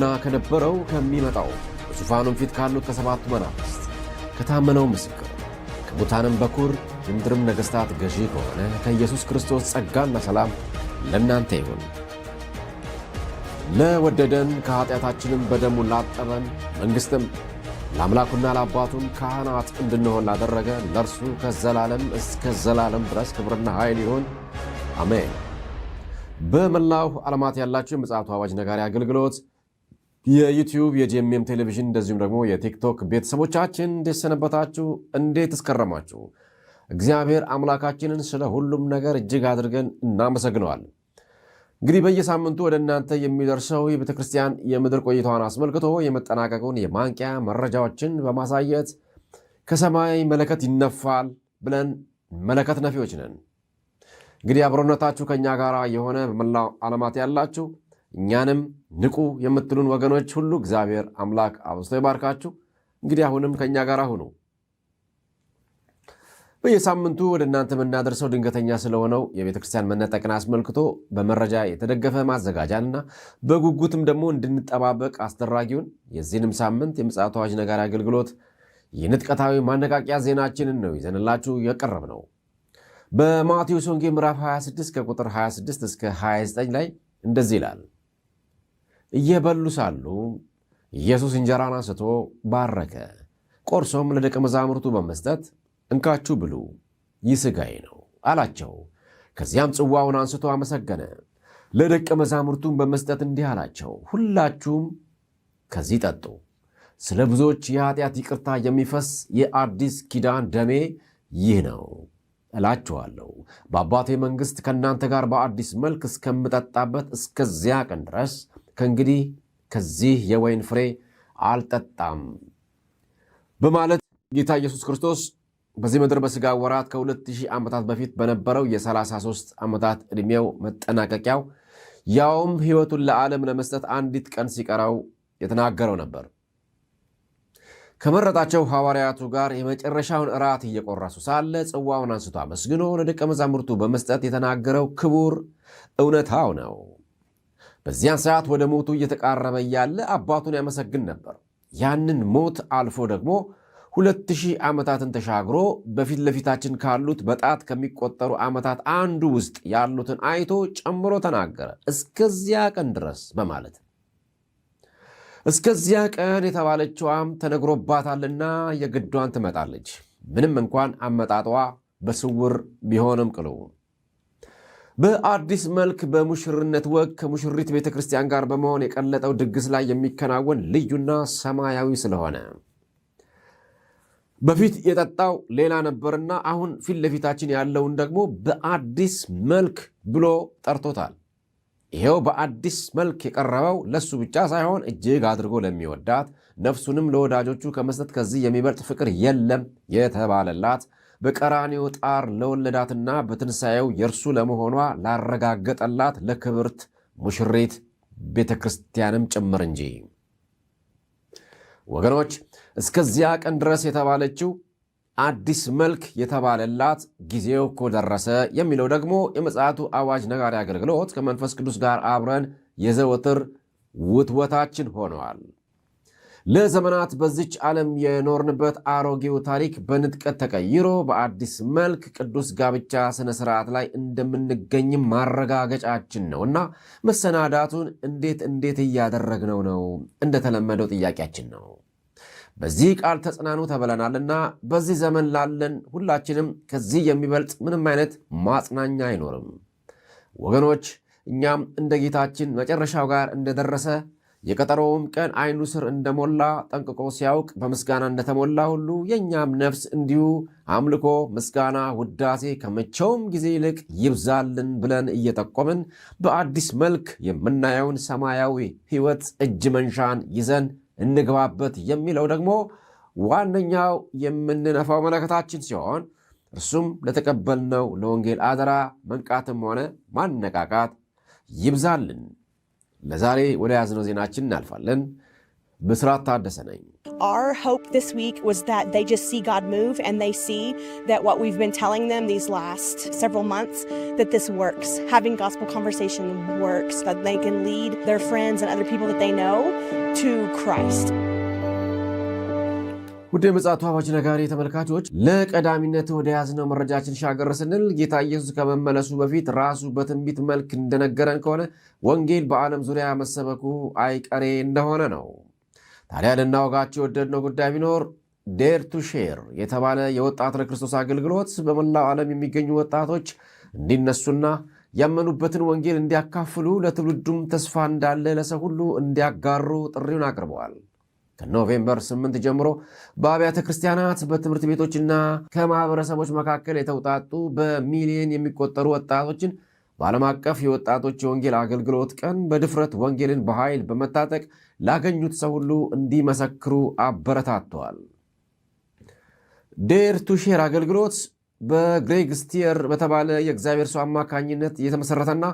ከነበረውና ከነበረው ከሚመጣው በዙፋኑም ፊት ካሉት ከሰባቱ መናፍስት ከታመነው ምስክር ከሙታንም በኩር የምድርም ነገሥታት ገዢ ከሆነ ከኢየሱስ ክርስቶስ ጸጋና ሰላም ለእናንተ ይሁን። ለወደደን ከኀጢአታችንም በደሙ ላጠበን መንግሥትም ለአምላኩና ለአባቱም ካህናት እንድንሆን ላደረገ ለእርሱ ከዘላለም እስከ ዘላለም ድረስ ክብርና ኃይል ይሁን፣ አሜን። በመላው ዓለማት ያላችሁ የምፅዓቱ አዋጅ ነጋሪ አገልግሎት የዩቲዩብ የጂኤምኤም ቴሌቪዥን እንደዚሁም ደግሞ የቲክቶክ ቤተሰቦቻችን እንዴት ሰነበታችሁ? እንዴት እስከረማችሁ? እግዚአብሔር አምላካችንን ስለ ሁሉም ነገር እጅግ አድርገን እናመሰግነዋለን። እንግዲህ በየሳምንቱ ወደ እናንተ የሚደርሰው የቤተ ክርስቲያን የምድር ቆይታዋን አስመልክቶ የመጠናቀቁን የማንቂያ መረጃዎችን በማሳየት ከሰማይ መለከት ይነፋል ብለን መለከት ነፊዎች ነን። እንግዲህ አብሮነታችሁ ከእኛ ጋር የሆነ በመላው ዓለማት ያላችሁ እኛንም ንቁ የምትሉን ወገኖች ሁሉ እግዚአብሔር አምላክ አብዝቶ ይባርካችሁ። እንግዲህ አሁንም ከእኛ ጋር ሁኑ። በየሳምንቱ ወደ እናንተ የምናደርሰው ድንገተኛ ስለሆነው የቤተ ክርስቲያን መነጠቅን አስመልክቶ በመረጃ የተደገፈ ማዘጋጃንና በጉጉትም ደግሞ እንድንጠባበቅ አስደራጊውን የዚህንም ሳምንት የምፅዓቱ አዋጅ ነጋሪ አገልግሎት የንጥቀታዊ ማነቃቂያ ዜናችንን ነው ይዘንላችሁ የቀረብ ነው። በማቴዎስ ወንጌ ምዕራፍ 26 ከቁጥር 26 እስከ 29 ላይ እንደዚህ ይላል። እየበሉ ሳሉ ኢየሱስ እንጀራን አንስቶ ባረከ፣ ቆርሶም ለደቀ መዛሙርቱ በመስጠት እንካችሁ ብሉ፣ ይህ ሥጋዬ ነው አላቸው። ከዚያም ጽዋውን አንስቶ አመሰገነ፣ ለደቀ መዛሙርቱን በመስጠት እንዲህ አላቸው፣ ሁላችሁም ከዚህ ጠጡ። ስለ ብዙዎች የኃጢአት ይቅርታ የሚፈስ የአዲስ ኪዳን ደሜ ይህ ነው እላችኋለሁ። በአባቴ መንግሥት ከእናንተ ጋር በአዲስ መልክ እስከምጠጣበት እስከዚያ ቀን ድረስ ከእንግዲህ ከዚህ የወይን ፍሬ አልጠጣም በማለት ጌታ ኢየሱስ ክርስቶስ በዚህ ምድር በሥጋ ወራት ከ2000 ዓመታት በፊት በነበረው የ33 ዓመታት ዕድሜው መጠናቀቂያው ያውም ሕይወቱን ለዓለም ለመስጠት አንዲት ቀን ሲቀራው የተናገረው ነበር። ከመረጣቸው ሐዋርያቱ ጋር የመጨረሻውን እራት እየቆረሱ ሳለ ጽዋውን አንስቶ አመስግኖ ለደቀ መዛሙርቱ በመስጠት የተናገረው ክቡር እውነታው ነው። በዚያን ሰዓት ወደ ሞቱ እየተቃረበ እያለ አባቱን ያመሰግን ነበር። ያንን ሞት አልፎ ደግሞ ሁለት ሺህ ዓመታትን ተሻግሮ በፊት ለፊታችን ካሉት በጣት ከሚቆጠሩ ዓመታት አንዱ ውስጥ ያሉትን አይቶ ጨምሮ ተናገረ፣ እስከዚያ ቀን ድረስ በማለት እስከዚያ ቀን የተባለችዋም ተነግሮባታልና የግዷን ትመጣለች። ምንም እንኳን አመጣጧ በስውር ቢሆንም ቅሉ በአዲስ መልክ በሙሽርነት ወግ ከሙሽሪት ቤተ ክርስቲያን ጋር በመሆን የቀለጠው ድግስ ላይ የሚከናወን ልዩና ሰማያዊ ስለሆነ በፊት የጠጣው ሌላ ነበርና አሁን ፊት ለፊታችን ያለውን ደግሞ በአዲስ መልክ ብሎ ጠርቶታል። ይሄው በአዲስ መልክ የቀረበው ለሱ ብቻ ሳይሆን እጅግ አድርጎ ለሚወዳት ነፍሱንም ለወዳጆቹ ከመስጠት ከዚህ የሚበልጥ ፍቅር የለም የተባለላት በቀራንዮ ጣር ለወለዳትና በትንሣኤው የእርሱ ለመሆኗ ላረጋገጠላት ለክብርት ሙሽሪት ቤተ ክርስቲያንም ጭምር እንጂ። ወገኖች እስከዚያ ቀን ድረስ የተባለችው አዲስ መልክ የተባለላት ጊዜው እኮ ደረሰ የሚለው ደግሞ የመጽሐቱ አዋጅ ነጋሪ አገልግሎት ከመንፈስ ቅዱስ ጋር አብረን የዘወትር ውትወታችን ሆነዋል። ለዘመናት በዚች ዓለም የኖርንበት አሮጌው ታሪክ በንጥቀት ተቀይሮ በአዲስ መልክ ቅዱስ ጋብቻ ስነ ስርዓት ላይ እንደምንገኝም ማረጋገጫችን ነው እና መሰናዳቱን እንዴት እንዴት እያደረግነው ነው? እንደተለመደው ጥያቄያችን ነው። በዚህ ቃል ተጽናኑ ተብለናልና በዚህ ዘመን ላለን ሁላችንም ከዚህ የሚበልጥ ምንም አይነት ማጽናኛ አይኖርም። ወገኖች እኛም እንደ ጌታችን መጨረሻው ጋር እንደደረሰ የቀጠሮውም ቀን ዓይኑ ስር እንደሞላ ጠንቅቆ ሲያውቅ በምስጋና እንደተሞላ ሁሉ የእኛም ነፍስ እንዲሁ አምልኮ፣ ምስጋና፣ ውዳሴ ከመቼውም ጊዜ ይልቅ ይብዛልን ብለን እየጠቆምን በአዲስ መልክ የምናየውን ሰማያዊ ሕይወት እጅ መንሻን ይዘን እንግባበት የሚለው ደግሞ ዋነኛው የምንነፋው መለከታችን ሲሆን እርሱም ለተቀበልነው ለወንጌል አደራ መንቃትም ሆነ ማነቃቃት ይብዛልን። ለዛሬ ወደ ያዝነው ዜናችን እናልፋለን። ብስራት ታደሰ ነኝ። ር ውድ የምፅዓቱ አዋጅ ነጋሪ ተመልካቾች ለቀዳሚነት ወደ ያዝነው መረጃችን ሻገር ስንል ጌታ ኢየሱስ ከመመለሱ በፊት ራሱ በትንቢት መልክ እንደነገረን ከሆነ ወንጌል በዓለም ዙሪያ መሰበኩ አይቀሬ እንደሆነ ነው። ታዲያ ልናወጋቸው የወደድነው ጉዳይ ቢኖር ዴር ቱ ሼር የተባለ የወጣት ለክርስቶስ አገልግሎት በመላው ዓለም የሚገኙ ወጣቶች እንዲነሱና ያመኑበትን ወንጌል እንዲያካፍሉ ለትውልዱም ተስፋ እንዳለ ለሰው ሁሉ እንዲያጋሩ ጥሪውን አቅርበዋል። ከኖቬምበር 8 ጀምሮ በአብያተ ክርስቲያናት በትምህርት ቤቶችና ከማህበረሰቦች መካከል የተውጣጡ በሚሊየን የሚቆጠሩ ወጣቶችን በዓለም አቀፍ የወጣቶች የወንጌል አገልግሎት ቀን በድፍረት ወንጌልን በኃይል በመታጠቅ ላገኙት ሰው ሁሉ እንዲመሰክሩ አበረታተዋል። ዴር ቱሼር አገልግሎት በግሬግ ስቲየር በተባለ የእግዚአብሔር ሰው አማካኝነት የተመሠረተና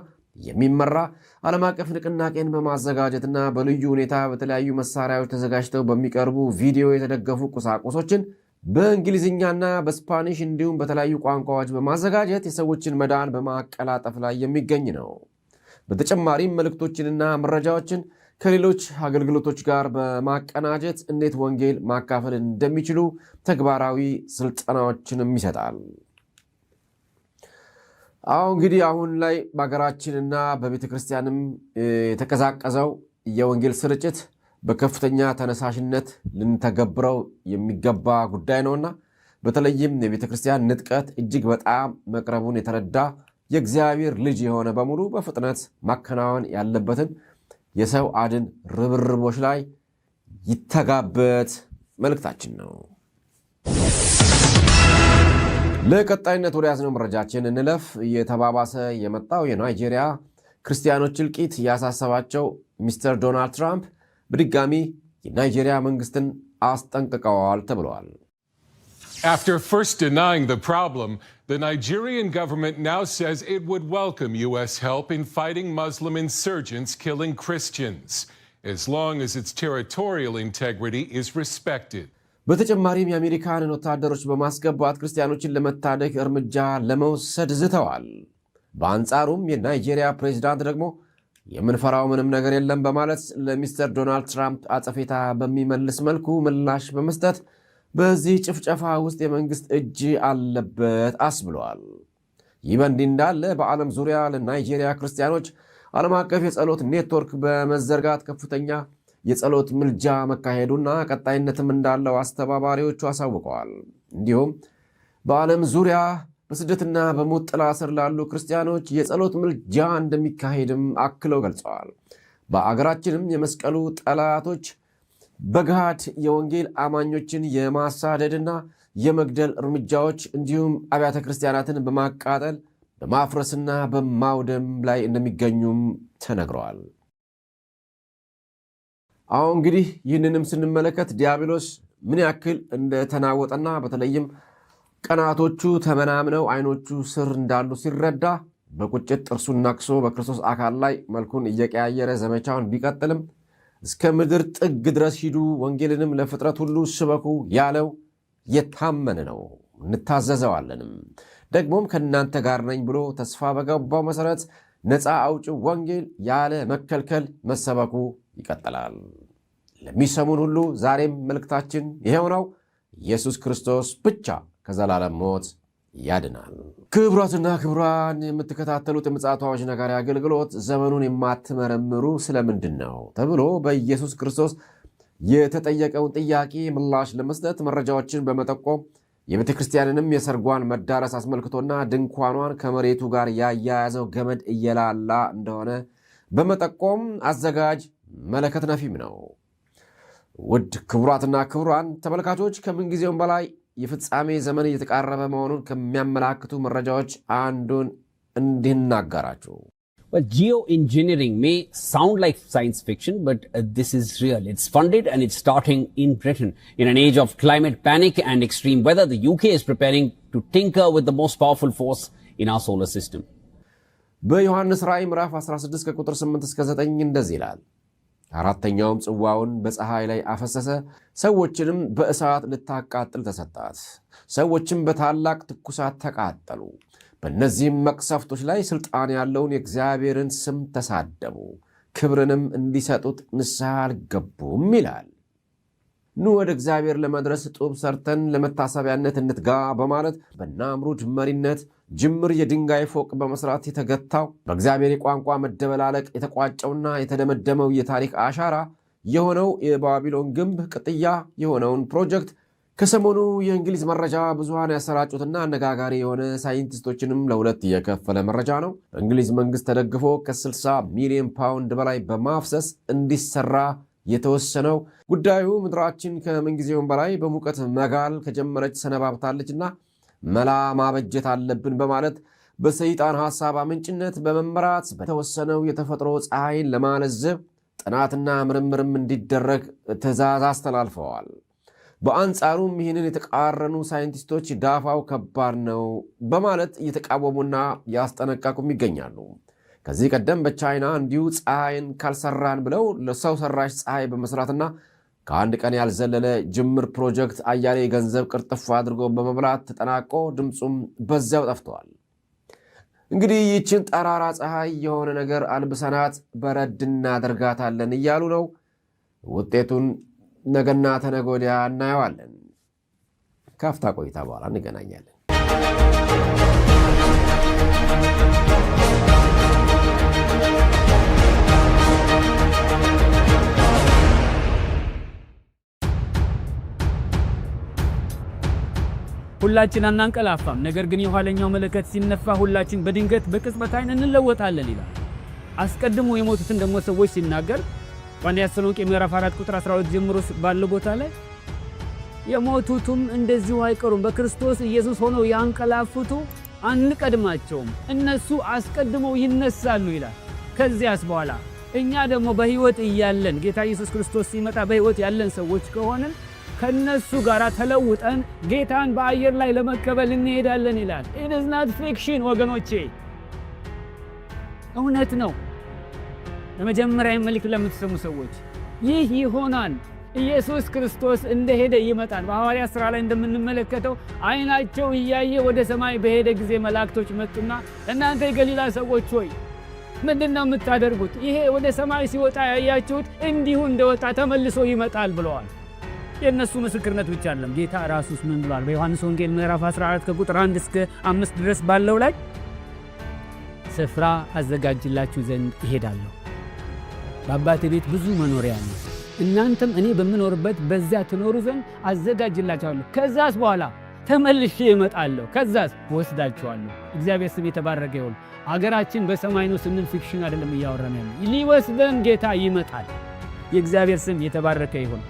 የሚመራ ዓለም አቀፍ ንቅናቄን በማዘጋጀትና በልዩ ሁኔታ በተለያዩ መሳሪያዎች ተዘጋጅተው በሚቀርቡ ቪዲዮ የተደገፉ ቁሳቁሶችን በእንግሊዝኛና በስፓኒሽ እንዲሁም በተለያዩ ቋንቋዎች በማዘጋጀት የሰዎችን መዳን በማቀላጠፍ ላይ የሚገኝ ነው። በተጨማሪም መልእክቶችንና መረጃዎችን ከሌሎች አገልግሎቶች ጋር በማቀናጀት እንዴት ወንጌል ማካፈል እንደሚችሉ ተግባራዊ ስልጠናዎችንም ይሰጣል። አሁ እንግዲህ አሁን ላይ በሀገራችንና በቤተ ክርስቲያንም የተቀዛቀዘው የወንጌል ስርጭት በከፍተኛ ተነሳሽነት ልንተገብረው የሚገባ ጉዳይ ነውና በተለይም የቤተ ክርስቲያን ንጥቀት እጅግ በጣም መቅረቡን የተረዳ የእግዚአብሔር ልጅ የሆነ በሙሉ በፍጥነት ማከናወን ያለበትን የሰው አድን ርብርቦች ላይ ይተጋበት መልእክታችን ነው። ለቀጣይነት ወደ ያዝነው መረጃችን እንለፍ። እየተባባሰ የመጣው የናይጄሪያ ክርስቲያኖች እልቂት ያሳሰባቸው ሚስተር ዶናልድ ትራምፕ በድጋሚ የናይጄሪያ መንግስትን አስጠንቅቀዋል ተብለዋል። After first denying the problem, the Nigerian government now says it would welcome U.S. help in fighting Muslim insurgents killing Christians, as long as its territorial integrity is respected. በተጨማሪም የአሜሪካንን ወታደሮች በማስገባት ክርስቲያኖችን ለመታደግ እርምጃ ለመውሰድ ዝተዋል። በአንጻሩም የናይጄሪያ ፕሬዚዳንት ደግሞ የምንፈራው ምንም ነገር የለም በማለት ለሚስተር ዶናልድ ትራምፕ አጸፌታ በሚመልስ መልኩ ምላሽ በመስጠት በዚህ ጭፍጨፋ ውስጥ የመንግስት እጅ አለበት አስብለዋል። ይህ በእንዲህ እንዳለ በዓለም ዙሪያ ለናይጄሪያ ክርስቲያኖች ዓለም አቀፍ የጸሎት ኔትወርክ በመዘርጋት ከፍተኛ የጸሎት ምልጃ መካሄዱና ቀጣይነትም እንዳለው አስተባባሪዎቹ አሳውቀዋል። እንዲሁም በዓለም ዙሪያ በስደትና በሞት ጥላ ስር ላሉ ክርስቲያኖች የጸሎት ምልጃ እንደሚካሄድም አክለው ገልጸዋል። በአገራችንም የመስቀሉ ጠላቶች በግሃድ የወንጌል አማኞችን የማሳደድና የመግደል እርምጃዎች እንዲሁም አብያተ ክርስቲያናትን በማቃጠል በማፍረስና በማውደም ላይ እንደሚገኙም ተነግረዋል። አሁ እንግዲህ ይህንንም ስንመለከት ዲያብሎስ ምን ያክል እንደተናወጠና በተለይም ቀናቶቹ ተመናምነው አይኖቹ ስር እንዳሉ ሲረዳ በቁጭት ጥርሱን ነክሶ በክርስቶስ አካል ላይ መልኩን እየቀያየረ ዘመቻውን ቢቀጥልም እስከ ምድር ጥግ ድረስ ሂዱ፣ ወንጌልንም ለፍጥረት ሁሉ ስበኩ ያለው የታመን ነው፣ እንታዘዘዋለንም። ደግሞም ከእናንተ ጋር ነኝ ብሎ ተስፋ በገባው መሰረት ነፃ አውጭ ወንጌል ያለ መከልከል መሰበኩ ይቀጥላል። ለሚሰሙን ሁሉ ዛሬም መልእክታችን ይኸው ነው። ኢየሱስ ክርስቶስ ብቻ ከዘላለም ሞት ያድናል። ክቡራትና ክቡራን የምትከታተሉት የምፅዓቱ አዋጅ ነጋሪ አገልግሎት ዘመኑን የማትመረምሩ ስለምንድን ነው ተብሎ በኢየሱስ ክርስቶስ የተጠየቀውን ጥያቄ ምላሽ ለመስጠት መረጃዎችን በመጠቆም የቤተ ክርስቲያንንም የሰርጓን መዳረስ አስመልክቶና ድንኳኗን ከመሬቱ ጋር ያያያዘው ገመድ እየላላ እንደሆነ በመጠቆም አዘጋጅ መለከት ነፊም ነው። ውድ ክቡራትና ክቡራን ተመልካቾች ከምንጊዜውም በላይ የፍጻሜ ዘመን እየተቃረበ መሆኑን ከሚያመላክቱ መረጃዎች አንዱን እንድናጋራችሁ። ጂኦ ኢንጂኒሪንግ ሜ ሳውንድ ላይክ ሳይንስ ፊክሽን በት ዚስ ኢዝ ሪል ኢትስ ፈንድድ ኤንድ ኢትስ ስታርቲንግ ኢን ብሪትን ኢን አን ኤጅ ኦፍ ክላይሜት ፓኒክ ኤንድ ኤክስትሪም ዌዘር ዘ ዩኬ ኢዝ ፕሪፔሪንግ ቱ ቲንከር ዊዝ ዘ ሞስት ፓወርፉል ፎርስ ኢን አወር ሶላር ሲስተም። በዮሐንስ ራእይ ምዕራፍ 16 ከቁጥር 8 እስከ 9 እንደዚህ ይላል አራተኛውም ጽዋውን በፀሐይ ላይ አፈሰሰ፣ ሰዎችንም በእሳት ልታቃጥል ተሰጣት። ሰዎችም በታላቅ ትኩሳት ተቃጠሉ። በእነዚህም መቅሰፍቶች ላይ ሥልጣን ያለውን የእግዚአብሔርን ስም ተሳደቡ፣ ክብርንም እንዲሰጡት ንስሐ አልገቡም ይላል። ኑ ወደ እግዚአብሔር ለመድረስ ጡብ ሰርተን ለመታሰቢያነት እንትጋ በማለት በናምሩድ መሪነት ጅምር የድንጋይ ፎቅ በመስራት የተገታው በእግዚአብሔር የቋንቋ መደበላለቅ የተቋጨውና የተደመደመው የታሪክ አሻራ የሆነው የባቢሎን ግንብ ቅጥያ የሆነውን ፕሮጀክት ከሰሞኑ የእንግሊዝ መረጃ ብዙሃን ያሰራጩትና አነጋጋሪ የሆነ ሳይንቲስቶችንም ለሁለት የከፈለ መረጃ ነው። በእንግሊዝ መንግስት ተደግፎ ከ60 ሚሊዮን ፓውንድ በላይ በማፍሰስ እንዲሰራ የተወሰነው። ጉዳዩ ምድራችን ከምንጊዜውም በላይ በሙቀት መጋል ከጀመረች ሰነባብታለችና መላ ማበጀት አለብን በማለት በሰይጣን ሐሳብ አመንጭነት በመመራት በተወሰነው የተፈጥሮ ፀሐይን ለማለዘብ ጥናትና ምርምርም እንዲደረግ ትዕዛዝ አስተላልፈዋል። በአንጻሩም ይህንን የተቃረኑ ሳይንቲስቶች ዳፋው ከባድ ነው በማለት እየተቃወሙና ያስጠነቀቁም ይገኛሉ። ከዚህ ቀደም በቻይና እንዲሁ ፀሐይን ካልሰራን ብለው ለሰው ሰራሽ ፀሐይ በመስራትና ከአንድ ቀን ያልዘለለ ጅምር ፕሮጀክት አያሌ ገንዘብ ቅርጥፍ አድርጎ በመብላት ተጠናቆ ድምፁም በዚያው ጠፍተዋል። እንግዲህ ይህችን ጠራራ ፀሐይ የሆነ ነገር አልብሰናት በረድ እናደርጋታለን እያሉ ነው። ውጤቱን ነገና ተነገ ወዲያ እናየዋለን። ከአፍታ ቆይታ በኋላ እንገናኛለን። ሁላችን አናንቀላፋም፣ ነገር ግን የኋለኛው መለከት ሲነፋ ሁላችን በድንገት በቅጽበት ዓይን እንለወጣለን ይላል። አስቀድሞ የሞቱትን ደግሞ ሰዎች ሲናገር በአንደኛ ተሰሎንቄ ምዕራፍ 4 ቁጥር 12 ጀምሮ ባለው ቦታ ላይ የሞቱትም እንደዚሁ አይቀሩም፣ በክርስቶስ ኢየሱስ ሆነው ያንቀላፉቱ አንቀድማቸውም፣ እነሱ አስቀድመው ይነሳሉ ይላል። ከዚያስ በኋላ እኛ ደግሞ በሕይወት እያለን ጌታ ኢየሱስ ክርስቶስ ሲመጣ በሕይወት ያለን ሰዎች ከሆንን ከነሱ ጋር ተለውጠን ጌታን በአየር ላይ ለመቀበል እንሄዳለን ይላል። ኢትስ ናት ፊክሽን ወገኖቼ፣ እውነት ነው። ለመጀመሪያ መልእክት ለምትሰሙ ሰዎች ይህ ይሆናል። ኢየሱስ ክርስቶስ እንደሄደ ይመጣል። በሐዋርያት ሥራ ላይ እንደምንመለከተው አይናቸው እያየ ወደ ሰማይ በሄደ ጊዜ መላእክቶች መጡና እናንተ የገሊላ ሰዎች ሆይ ምንድን ነው የምታደርጉት? ይሄ ወደ ሰማይ ሲወጣ ያያችሁት እንዲሁ እንደወጣ ተመልሶ ይመጣል ብለዋል። የእነሱ ምስክርነት ብቻ አለም። ጌታ ራሱስ ምን ብሏል? በዮሐንስ ወንጌል ምዕራፍ 14 ከቁጥር 1 እስከ 5 ድረስ ባለው ላይ ስፍራ አዘጋጅላችሁ ዘንድ እሄዳለሁ፣ በአባቴ ቤት ብዙ መኖሪያ አለ፣ እናንተም እኔ በምኖርበት በዚያ ትኖሩ ዘንድ አዘጋጅላችኋለሁ። ከዛስ በኋላ ተመልሼ እመጣለሁ፣ ከዛስ ወስዳችኋለሁ። እግዚአብሔር ስም የተባረከ ይሁን። አገራችን በሰማይ ነው ስንል ፊክሽን አይደለም እያወራን ያለ፣ ሊወስደን ጌታ ይመጣል። የእግዚአብሔር ስም የተባረከ ይሁን።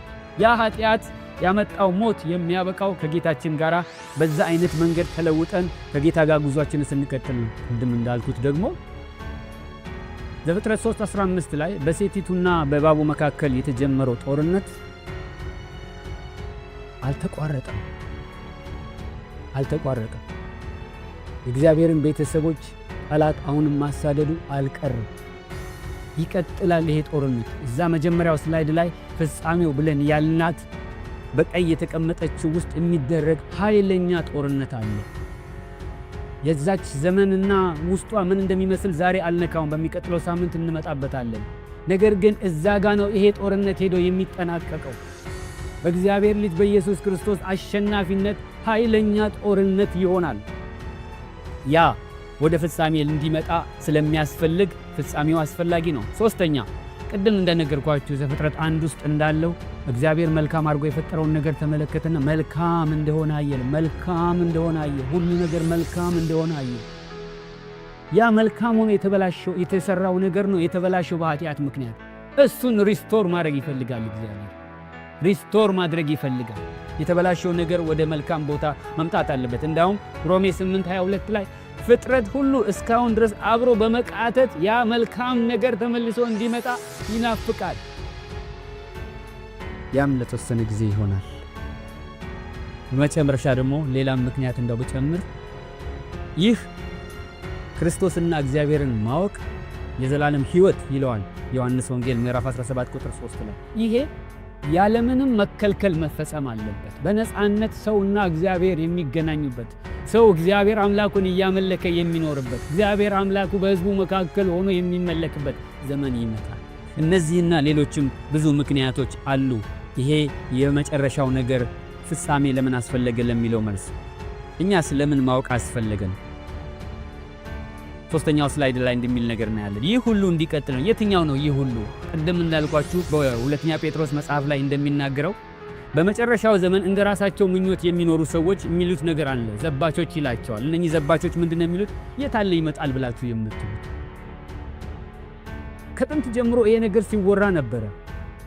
ያ ኃጢአት ያመጣው ሞት የሚያበቃው ከጌታችን ጋር በዛ አይነት መንገድ ተለውጠን ከጌታ ጋር ጉዟችን ስንቀጥል ቅድም እንዳልኩት ደግሞ ዘፍጥረት 3 15 ላይ በሴቲቱና በእባቡ መካከል የተጀመረው ጦርነት አልተቋረጠም አልተቋረጠም። የእግዚአብሔርን ቤተሰቦች ጠላት አሁንም ማሳደዱ አልቀርም። ይቀጥላል ይሄ ጦርነት። እዛ መጀመሪያው ስላይድ ላይ ፍጻሜው ብለን ያልናት በቀይ የተቀመጠችው ውስጥ የሚደረግ ኃይለኛ ጦርነት አለ። የዛች ዘመንና ውስጧ ምን እንደሚመስል ዛሬ አልነካውም። በሚቀጥለው ሳምንት እንመጣበታለን። ነገር ግን እዛ ጋ ነው ይሄ ጦርነት ሄዶ የሚጠናቀቀው። በእግዚአብሔር ልጅ በኢየሱስ ክርስቶስ አሸናፊነት ኃይለኛ ጦርነት ይሆናል ያ ወደ ፍጻሜ እንዲመጣ ስለሚያስፈልግ ፍጻሜው አስፈላጊ ነው። ሶስተኛ ቅድም እንደነገርኳችሁ ዘፍጥረት አንድ ውስጥ እንዳለው እግዚአብሔር መልካም አድርጎ የፈጠረውን ነገር ተመለከተና መልካም እንደሆነ አየ። መልካም እንደሆነ አየ። ሁሉ ነገር መልካም እንደሆነ አየ። ያ መልካም ሆኖ የተበላሸው የተሰራው ነገር ነው የተበላሸው በኃጢአት ምክንያት። እሱን ሪስቶር ማድረግ ይፈልጋል እግዚአብሔር፣ ሪስቶር ማድረግ ይፈልጋል። የተበላሸው ነገር ወደ መልካም ቦታ መምጣት አለበት። እንዳውም ሮሜ 8 22 ላይ ፍጥረት ሁሉ እስካሁን ድረስ አብሮ በመቃተት ያ መልካም ነገር ተመልሶ እንዲመጣ ይናፍቃል። ያም ለተወሰነ ጊዜ ይሆናል። በመጨረሻ ደግሞ ሌላም ምክንያት እንደው ብጨምር ይህ ክርስቶስና እግዚአብሔርን ማወቅ የዘላለም ሕይወት ይለዋል ዮሐንስ ወንጌል ምዕራፍ 17 ቁጥር 3 ላይ ይሄ ያለምንም መከልከል መፈጸም አለበት። በነፃነት ሰውና እግዚአብሔር የሚገናኙበት ሰው እግዚአብሔር አምላኩን እያመለከ የሚኖርበት እግዚአብሔር አምላኩ በሕዝቡ መካከል ሆኖ የሚመለክበት ዘመን ይመጣል። እነዚህና ሌሎችም ብዙ ምክንያቶች አሉ። ይሄ የመጨረሻው ነገር ፍጻሜ ለምን አስፈለገ ለሚለው መልስ እኛ ስለምን ማወቅ አስፈለገን? ሶስተኛው ስላይድ ላይ እንደሚል ነገር እናያለን። ይህ ሁሉ እንዲቀጥል ነው። የትኛው ነው ይህ ሁሉ? ቅድም እንዳልኳችሁ በሁለተኛ ጴጥሮስ መጽሐፍ ላይ እንደሚናገረው በመጨረሻው ዘመን እንደ ራሳቸው ምኞት የሚኖሩ ሰዎች የሚሉት ነገር አለ። ዘባቾች ይላቸዋል። እነኚህ ዘባቾች ምንድን ነው የሚሉት? የታለ ይመጣል ብላችሁ የምትሉት። ከጥንት ጀምሮ ይሄ ነገር ሲወራ ነበረ።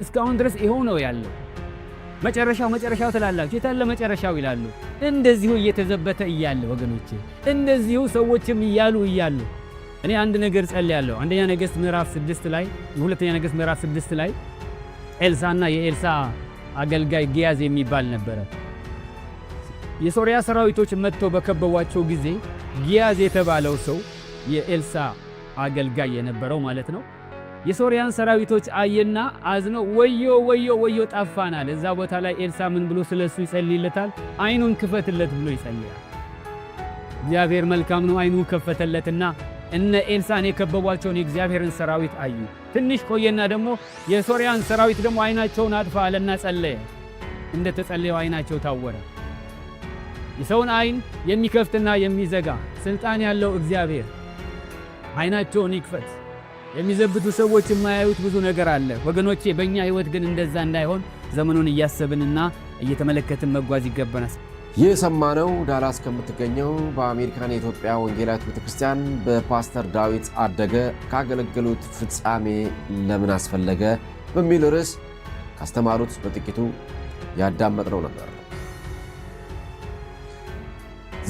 እስካሁን ድረስ ይኸው ነው ያለው። መጨረሻው መጨረሻው ትላላችሁ፣ የታለ መጨረሻው ይላሉ። እንደዚሁ እየተዘበተ እያለ ወገኖች እንደዚሁ ሰዎችም እያሉ እያሉ እኔ አንድ ነገር ጸልያለሁ። አንደኛ ነገሥት ምዕራፍ 6 ላይ ሁለተኛ ነገሥት ምዕራፍ 6 ላይ ኤልሳና የኤልሳ አገልጋይ ግያዝ የሚባል ነበረ። የሶሪያ ሰራዊቶች መጥተው በከበቧቸው ጊዜ ግያዝ የተባለው ሰው የኤልሳ አገልጋይ የነበረው ማለት ነው የሶርያን ሰራዊቶች አየና አዝኖ ወዮ ወዮ ወዮ ጠፋን እዛ ቦታ ላይ ኤልሳ ምን ብሎ ስለሱ ይጸልይለታል? አይኑን ክፈትለት ብሎ ይጸልያል። እግዚአብሔር መልካም ነው። አይኑ ከፈተለትና እነ ኤልሳን የከበቧቸውን የእግዚአብሔርን ሰራዊት አዩ። ትንሽ ቆየና ደግሞ የሶርያን ሰራዊት ደግሞ አይናቸውን አጥፋ አለና ጸለየ። እንደ ተጸለየው አይናቸው ታወረ። የሰውን አይን የሚከፍትና የሚዘጋ ስልጣን ያለው እግዚአብሔር አይናቸውን ይክፈት። የሚዘብቱ ሰዎች የማያዩት ብዙ ነገር አለ ወገኖቼ። በእኛ ህይወት ግን እንደዛ እንዳይሆን ዘመኑን እያሰብንና እየተመለከትን መጓዝ ይገባናል። ይህ የሰማነው ዳላስ ከምትገኘው በአሜሪካን የኢትዮጵያ ወንጌላዊት ቤተክርስቲያን በፓስተር ዳዊት አደገ ካገለገሉት ፍጻሜ ለምን አስፈለገ በሚል ርዕስ ካስተማሩት በጥቂቱ ያዳመጥነው ነበር።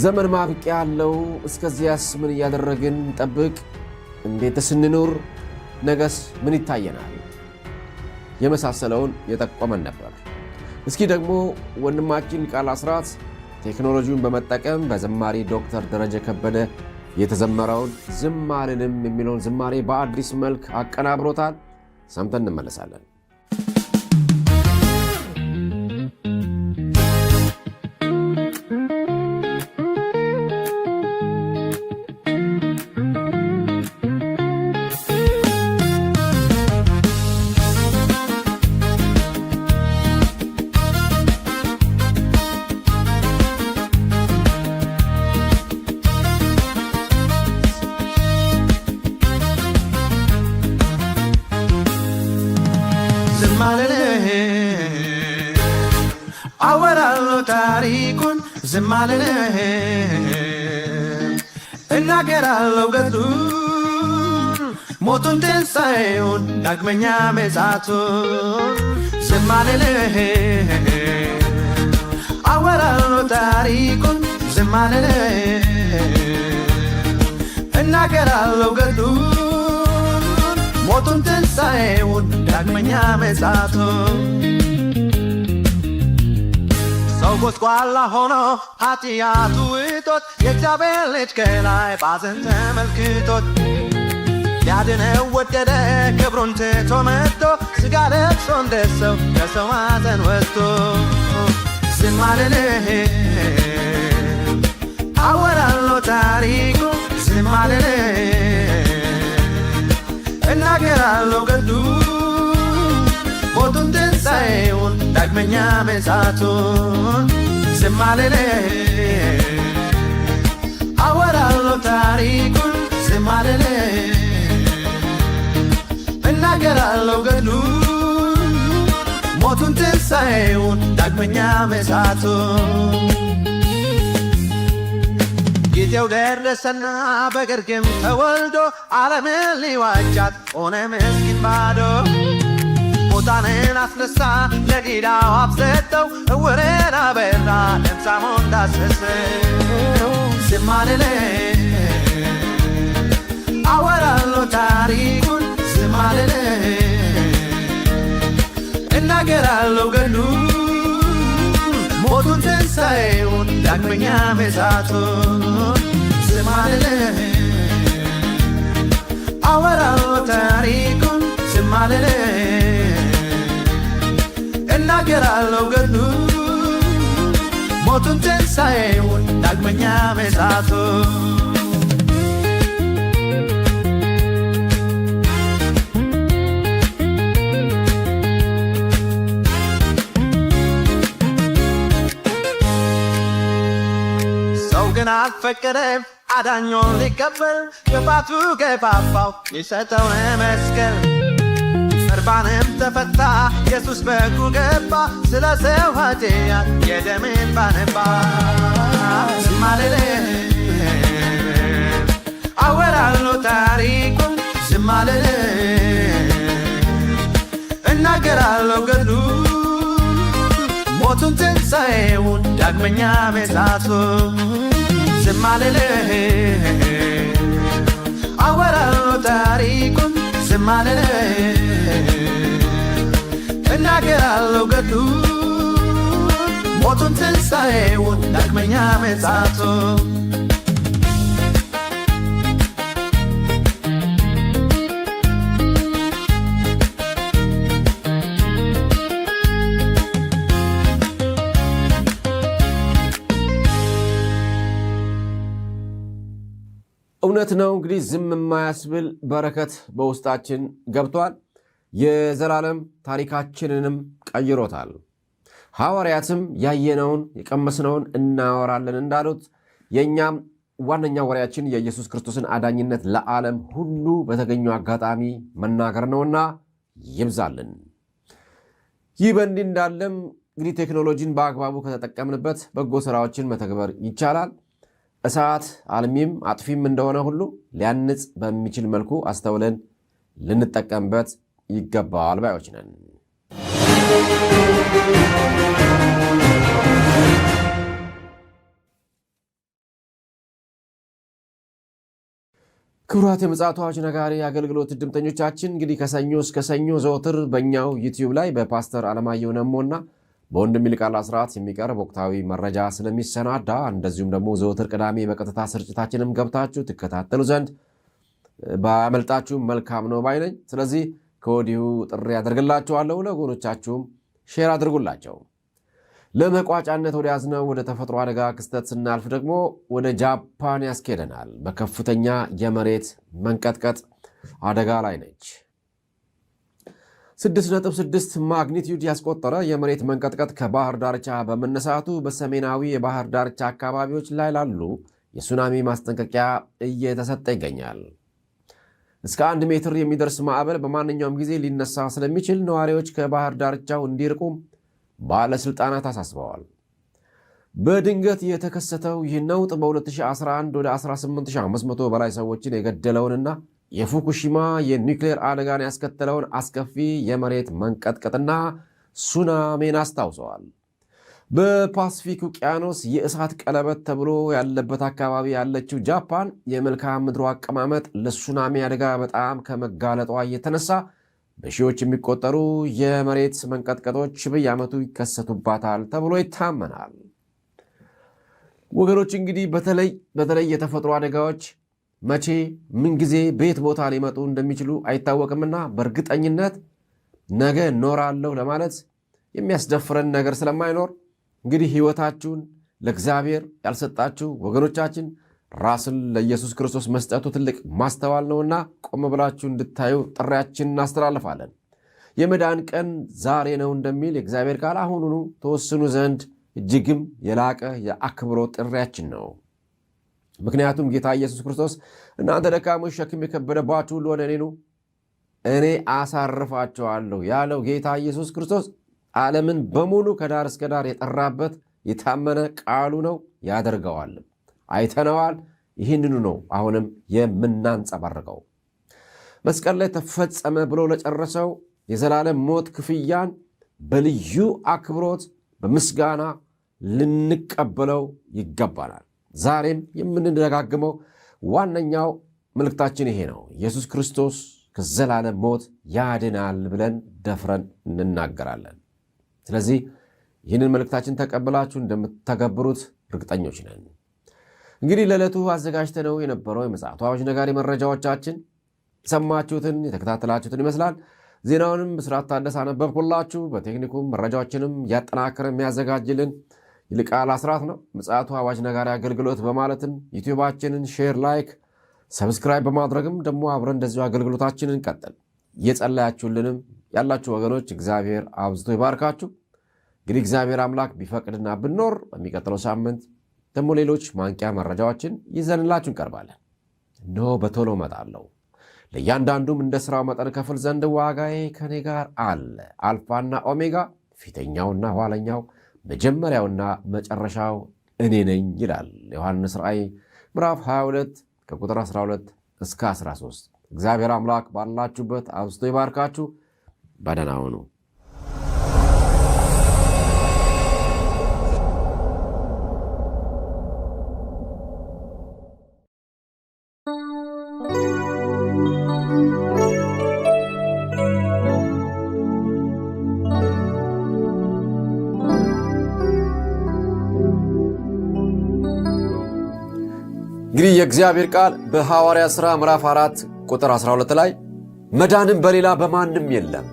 ዘመን ማብቂያ አለው። እስከዚያስ ምን እያደረግን ጠብቅ እንዴትስ እንኑር፣ ነገስ ምን ይታየናል የመሳሰለውን የጠቆመን ነበር። እስኪ ደግሞ ወንድማችን ቃል አስራት ቴክኖሎጂውን በመጠቀም በዘማሪ ዶክተር ደረጀ ከበደ የተዘመረውን ዝማልንም የሚለውን ዝማሬ በአዲስ መልክ አቀናብሮታል። ሰምተን እንመለሳለን። ዝም አልልህም እናገራለሁ ገድሉን ሞቱን ትንሣኤውን ዳግመኛ ምጽአቱን ዝም አልልህም አወራለሁ ታሪኩን ዝም አልልህም እናገራለሁ ገድሉን ሞቱን ትንሣኤውን ዳግመኛ ምጽአቱን ከጎስቋላ ሆኖ ኃጢአቱ እጦት የእግዚአብሔር ልጅ ከላይ ባዘን ተመልክቶት ሊያድነው ወደደ ክብሩን ትቶ መጥቶ ሥጋ ለብሶ እንደ ሰው ከሰው ማዘን ወጥቶ ዝማልልህ አወራሎ ታሪኩ ዝማልልህ እናገራለሁ ቅዱስ ትንሣኤውን ዳግመኛ መሳቱን ዝማልል አወራለሁ ታሪኩን ዝማልል እናገራለሁ ገድሉን ሞቱን ትንሣኤውን ዳግመኛ መሳቱን ጊዜው ደረሰና በግርግም ተወልዶ ዓለምን ሊዋጃት ሆነ ምስኪን ባዶ ሞጣንን አስነሳ ለዲዳው አብሰጠው እውርን አበራ ለምጻሙን ዳሰሰው ዝማልል አወራለሁ ታሪኩን ዝማልል እናገራለሁ ገድሉን ሞቱን ትንሣኤውን ዳግመኛ ምጽአቱን ዝማልል አወራለሁ ታሪኩን ዝማልል እናገራለሁ ገኑ ሞቱን ትንሣኤውን ዳግመኛ መሳቱ ሰው ግን አልፈቀደም አዳኙን ሊቀበል ገባቱ ገፋፋው ሚሰጠውን መስቀል እርባንም ተፈታ ኢየሱስ በጉ ገባ ስለ ሰው ኃጢአት የደሜን ባነባ ዝማልል አወራሎ ታሪኩ ዝማልል እናገራለው ገሉ ሞቱን ትንሣኤውን ዳግመኛ መዛቱ ዝማልል አወራሎ ታሪኩን ዝማልል እናገራለሁ ገድሉ ሞቱን ትንሣኤውን ዳግመኛ መጻቱ እውነት ነው። እንግዲህ ዝም የማያስብል በረከት በውስጣችን ገብቷል። የዘላለም ታሪካችንንም ቀይሮታል። ሐዋርያትም ያየነውን የቀመስነውን እናወራለን እንዳሉት የእኛም ዋነኛ ወሬያችን የኢየሱስ ክርስቶስን አዳኝነት ለዓለም ሁሉ በተገኙ አጋጣሚ መናገር ነውና ይብዛልን። ይህ በእንዲህ እንዳለም እንግዲህ ቴክኖሎጂን በአግባቡ ከተጠቀምንበት በጎ ስራዎችን መተግበር ይቻላል። እሳት አልሚም አጥፊም እንደሆነ ሁሉ ሊያንጽ በሚችል መልኩ አስተውለን ልንጠቀምበት ይገባል ባዮች ነን። ክቡራት የምፅዓቱ አዋጅ ነጋሪ አገልግሎት ድምተኞቻችን እንግዲህ ከሰኞ እስከ ሰኞ ዘወትር በእኛው ዩትዩብ ላይ በፓስተር አለማየሁ ነሞና በወንድም ይልቃል አስራት የሚቀርብ ወቅታዊ መረጃ ስለሚሰናዳ እንደዚሁም ደግሞ ዘወትር ቅዳሜ በቀጥታ ስርጭታችንም ገብታችሁ ትከታተሉ ዘንድ ባያመልጣችሁ መልካም ነው ባይነኝ። ስለዚህ ከወዲሁ ጥሪ ያደርግላችኋለሁ። ለጎኖቻችሁም ሼር አድርጉላቸው። ለመቋጫነት ወደ ያዝነው ወደ ተፈጥሮ አደጋ ክስተት ስናልፍ ደግሞ ወደ ጃፓን ያስኬደናል። በከፍተኛ የመሬት መንቀጥቀጥ አደጋ ላይ ነች። 6.6 ማግኒቲዩድ ያስቆጠረ የመሬት መንቀጥቀጥ ከባህር ዳርቻ በመነሳቱ በሰሜናዊ የባህር ዳርቻ አካባቢዎች ላይ ላሉ የሱናሚ ማስጠንቀቂያ እየተሰጠ ይገኛል። እስከ አንድ ሜትር የሚደርስ ማዕበል በማንኛውም ጊዜ ሊነሳ ስለሚችል ነዋሪዎች ከባህር ዳርቻው እንዲርቁ ባለሥልጣናት አሳስበዋል። በድንገት የተከሰተው ይህ ነውጥ በ2011 ወደ 18500 በላይ ሰዎችን የገደለውንና የፉኩሺማ የኒውክሌር አደጋን ያስከተለውን አስከፊ የመሬት መንቀጥቀጥና ሱናሜን አስታውሰዋል። በፓስፊክ ውቅያኖስ የእሳት ቀለበት ተብሎ ያለበት አካባቢ ያለችው ጃፓን የመልክዓ ምድሩ አቀማመጥ ለሱናሚ አደጋ በጣም ከመጋለጧ እየተነሳ በሺዎች የሚቆጠሩ የመሬት መንቀጥቀጦች በየዓመቱ ይከሰቱባታል ተብሎ ይታመናል። ወገኖች እንግዲህ በተለይ በተለይ የተፈጥሮ አደጋዎች መቼ ምንጊዜ በየት ቦታ ሊመጡ እንደሚችሉ አይታወቅምና በእርግጠኝነት ነገ እኖራለሁ ለማለት የሚያስደፍረን ነገር ስለማይኖር እንግዲህ ህይወታችሁን ለእግዚአብሔር ያልሰጣችሁ ወገኖቻችን ራስን ለኢየሱስ ክርስቶስ መስጠቱ ትልቅ ማስተዋል ነውና ቆም ብላችሁ እንድታዩ ጥሪያችን እናስተላልፋለን። የመዳን ቀን ዛሬ ነው እንደሚል የእግዚአብሔር ቃል አሁኑኑ ተወስኑ ዘንድ እጅግም የላቀ የአክብሮ ጥሪያችን ነው። ምክንያቱም ጌታ ኢየሱስ ክርስቶስ እናንተ ደካሞች፣ ሸክም የከበደባችሁ ሁሉ ወደ እኔ ኑ፣ እኔ አሳርፋችኋለሁ ያለው ጌታ ኢየሱስ ክርስቶስ ዓለምን በሙሉ ከዳር እስከ ዳር የጠራበት የታመነ ቃሉ ነው ያደርገዋልም። አይተነዋል። ይህንኑ ነው አሁንም የምናንጸባርቀው። መስቀል ላይ ተፈጸመ ብሎ ለጨረሰው የዘላለም ሞት ክፍያን በልዩ አክብሮት በምስጋና ልንቀበለው ይገባናል። ዛሬም የምንደጋግመው ዋነኛው መልእክታችን ይሄ ነው። ኢየሱስ ክርስቶስ ከዘላለም ሞት ያድናል ብለን ደፍረን እንናገራለን። ስለዚህ ይህንን መልእክታችን ተቀብላችሁ እንደምትተገብሩት እርግጠኞች ነን። እንግዲህ ለዕለቱ አዘጋጅተነው የነበረው የምፅዓቱ አዋጅ ነጋሪ መረጃዎቻችን የሰማችሁትን የተከታተላችሁትን ይመስላል። ዜናውንም ብስራት ታደሰ አነበብኩላችሁ። በቴክኒኩም መረጃዎችንም እያጠናከረ የሚያዘጋጅልን ይልቃል አስራት ነው። ምፅዓቱ አዋጅ ነጋሪ አገልግሎት በማለትም ዩቲዩባችንን ሼር፣ ላይክ፣ ሰብስክራይብ በማድረግም ደግሞ አብረን እንደዚሁ አገልግሎታችንን ቀጥል። እየጸለያችሁልንም ያላችሁ ወገኖች እግዚአብሔር አብዝቶ ይባርካችሁ። እንግዲህ እግዚአብሔር አምላክ ቢፈቅድና ብኖር በሚቀጥለው ሳምንት ደግሞ ሌሎች ማንቂያ መረጃዎችን ይዘንላችሁ እንቀርባለን። እነሆ በቶሎ እመጣለሁ። ለእያንዳንዱም እንደ ሥራው መጠን ከፍል ዘንድ ዋጋዬ ከኔ ጋር አለ። አልፋና ኦሜጋ ፊተኛውና ኋለኛው መጀመሪያውና መጨረሻው እኔ ነኝ ይላል ዮሐንስ ራእይ ምዕራፍ 22 ከቁጥር 12 እስከ 13። እግዚአብሔር አምላክ ባላችሁበት አብዝቶ ይባርካችሁ። በደህና ሁኑ። የእግዚአብሔር ቃል በሐዋርያ ሥራ ምዕራፍ 4 ቁጥር 12 ላይ መዳንም በሌላ በማንም የለም፣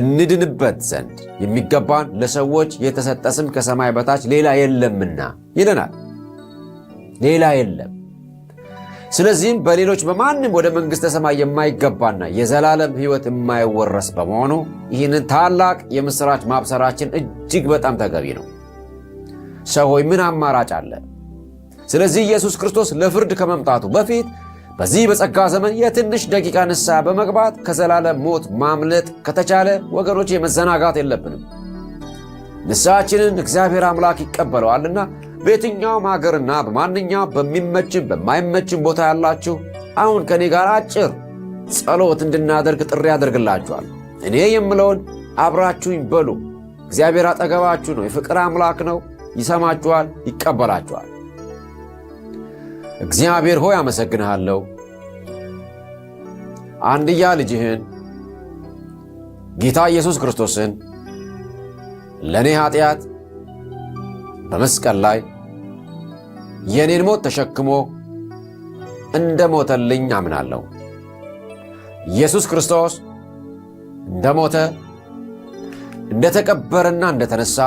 እንድንበት ዘንድ የሚገባን ለሰዎች የተሰጠ ስም ከሰማይ በታች ሌላ የለምና ይለናል። ሌላ የለም። ስለዚህም በሌሎች በማንም ወደ መንግሥተ ሰማይ የማይገባና የዘላለም ሕይወት የማይወረስ በመሆኑ ይህንን ታላቅ የምሥራች ማብሰራችን እጅግ በጣም ተገቢ ነው። ሰው ሆይ ምን አማራጭ አለ? ስለዚህ ኢየሱስ ክርስቶስ ለፍርድ ከመምጣቱ በፊት በዚህ በጸጋ ዘመን የትንሽ ደቂቃ ንስሐ በመግባት ከዘላለም ሞት ማምለጥ ከተቻለ ወገኖች መዘናጋት የለብንም። ንስሐችንን እግዚአብሔር አምላክ ይቀበለዋልና በየትኛውም ሀገርና በማንኛውም በሚመችም በማይመችም ቦታ ያላችሁ አሁን ከእኔ ጋር አጭር ጸሎት እንድናደርግ ጥሪ ያደርግላችኋል። እኔ የምለውን አብራችሁኝ በሉ። እግዚአብሔር አጠገባችሁ ነው። የፍቅር አምላክ ነው። ይሰማችኋል፣ ይቀበላችኋል። እግዚአብሔር ሆይ አመሰግንሃለሁ አንድያ ልጅህን ጌታ ኢየሱስ ክርስቶስን ለእኔ ኃጢአት በመስቀል ላይ የእኔን ሞት ተሸክሞ እንደ ሞተልኝ አምናለሁ። ኢየሱስ ክርስቶስ እንደ ሞተ እንደ ተቀበረና እንደ ተነሣ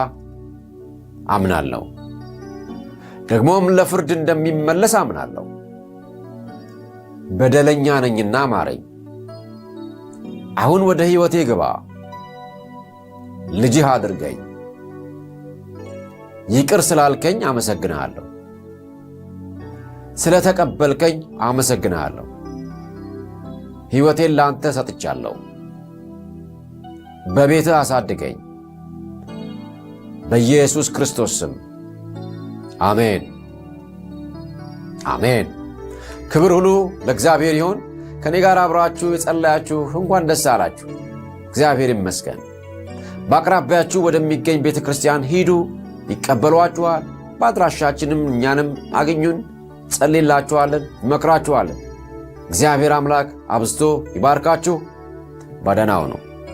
አምናለሁ። ደግሞም ለፍርድ እንደሚመለስ አምናለሁ። በደለኛ ነኝና ማረኝ። አሁን ወደ ሕይወቴ ግባ፣ ልጅህ አድርገኝ። ይቅር ስላልከኝ አመሰግንሃለሁ፣ ስለ ተቀበልከኝ አመሰግንሃለሁ። ሕይወቴን ለአንተ ሰጥቻለሁ። በቤትህ አሳድገኝ። በኢየሱስ ክርስቶስ ስም አሜን አሜን። ክብር ሁሉ ለእግዚአብሔር ይሁን። ከእኔ ጋር አብራችሁ የጸለያችሁ እንኳን ደስ አላችሁ። እግዚአብሔር ይመስገን። በአቅራቢያችሁ ወደሚገኝ ቤተ ክርስቲያን ሂዱ፣ ይቀበሏችኋል። በአድራሻችንም እኛንም አግኙን፣ ጸልይላችኋለን፣ ይመክራችኋለን። እግዚአብሔር አምላክ አብዝቶ ይባርካችሁ። በደህና ነው።